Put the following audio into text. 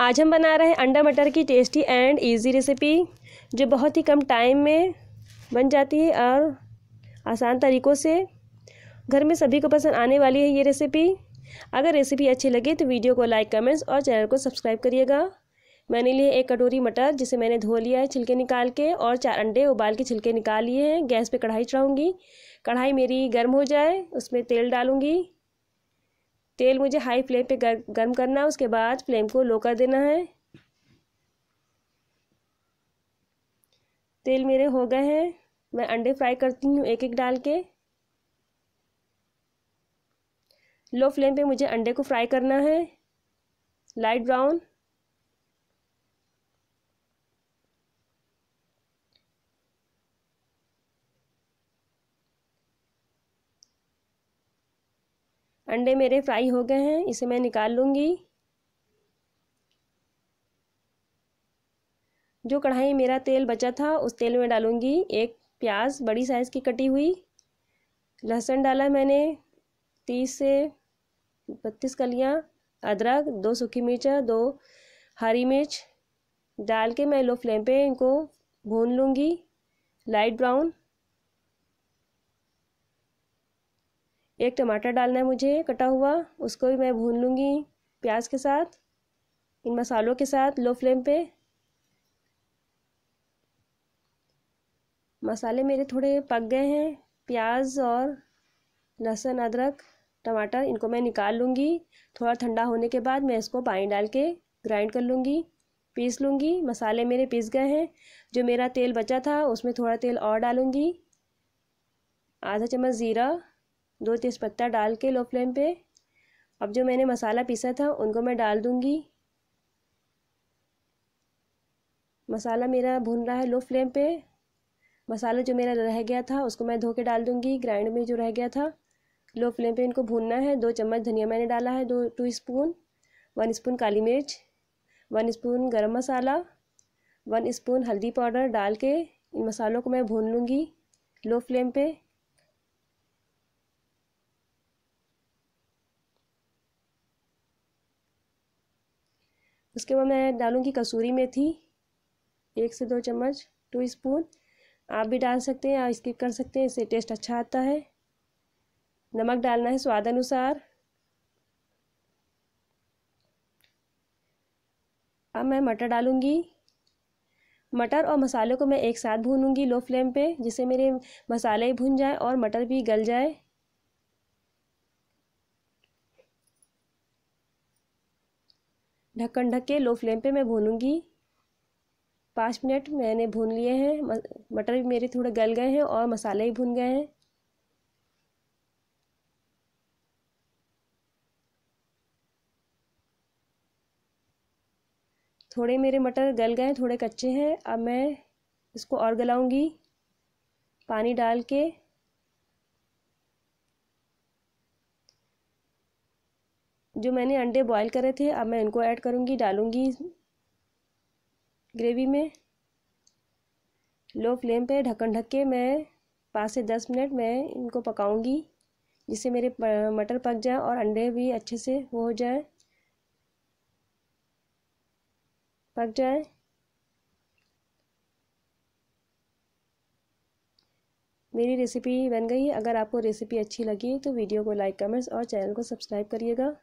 आज हम बना रहे हैं अंडा मटर की टेस्टी एंड इजी रेसिपी जो बहुत ही कम टाइम में बन जाती है और आसान तरीक़ों से घर में सभी को पसंद आने वाली है ये रेसिपी अगर रेसिपी अच्छी लगे तो वीडियो को लाइक कमेंट्स और चैनल को सब्सक्राइब करिएगा मैंने लिए एक कटोरी मटर जिसे मैंने धो लिया है छिलके निकाल के और चार अंडे उबाल के छिलके निकाल लिए हैं गैस पे कढ़ाई चढ़ाऊँगी कढ़ाई मेरी गर्म हो जाए उसमें तेल डालूँगी तेल मुझे हाई फ्लेम पे गर्म करना है उसके बाद फ्लेम को लो कर देना है तेल मेरे हो गए हैं मैं अंडे फ्राई करती हूँ एक एक डाल के लो फ्लेम पे मुझे अंडे को फ्राई करना है लाइट ब्राउन अंडे मेरे फ्राई हो गए हैं इसे मैं निकाल लूँगी जो कढ़ाई मेरा तेल बचा था उस तेल में डालूँगी एक प्याज बड़ी साइज़ की कटी हुई लहसुन डाला मैंने तीस से बत्तीस कलियाँ अदरक दो सूखी मिर्चा दो हरी मिर्च डाल के मैं लो फ्लेम पे इनको भून लूँगी लाइट ब्राउन एक टमाटर डालना है मुझे कटा हुआ उसको भी मैं भून लूँगी प्याज के साथ इन मसालों के साथ लो फ्लेम पे मसाले मेरे थोड़े पक गए हैं प्याज और लहसुन अदरक टमाटर इनको मैं निकाल लूँगी थोड़ा ठंडा होने के बाद मैं इसको पानी डाल के ग्राइंड कर लूँगी पीस लूँगी मसाले मेरे पीस गए हैं जो मेरा तेल बचा था उसमें थोड़ा तेल और डालूँगी आधा चम्मच ज़ीरा दो तेज़पत्ता डाल के लो फ्लेम पे अब जो मैंने मसाला पीसा था उनको मैं डाल दूँगी मसाला मेरा भुन रहा है लो फ्लेम पे मसाला जो मेरा रह गया था उसको मैं धो के डाल दूँगी ग्राइंड में जो रह गया था लो फ्लेम पे इनको भूनना है दो चम्मच धनिया मैंने डाला है दो टू स्पून वन स्पून काली मिर्च वन स्पून गरम मसाला वन स्पून हल्दी पाउडर डाल के इन मसालों को मैं भून लूँगी लो फ्लेम पे उसके बाद मैं डालूँगी कसूरी मेथी एक से दो चम्मच टू स्पून आप भी डाल सकते हैं या स्किप कर सकते हैं इससे टेस्ट अच्छा आता है नमक डालना है स्वाद अनुसार अब मैं मटर डालूँगी मटर और मसालों को मैं एक साथ भूनूंगी लो फ्लेम पे जिससे मेरे मसाले भुन जाए और मटर भी गल जाए ढक्कन ढक के लो फ्लेम पे मैं भूनूंगी पाँच मिनट मैंने भून लिए हैं मटर भी मेरे थोड़े गल गए हैं और मसाले भी भून गए हैं थोड़े मेरे मटर गल गए हैं थोड़े कच्चे हैं अब मैं इसको और गलाऊंगी पानी डाल के जो मैंने अंडे बॉईल करे थे अब मैं इनको ऐड करूँगी डालूँगी ग्रेवी में लो फ्लेम पे ढक्कन ढक के मैं पाँच से दस मिनट मैं इनको पकाऊँगी जिससे मेरे मटर पक जाए और अंडे भी अच्छे से वो हो जाए पक जाए मेरी रेसिपी बन गई अगर आपको रेसिपी अच्छी लगी तो वीडियो को लाइक कमेंट्स और चैनल को सब्सक्राइब करिएगा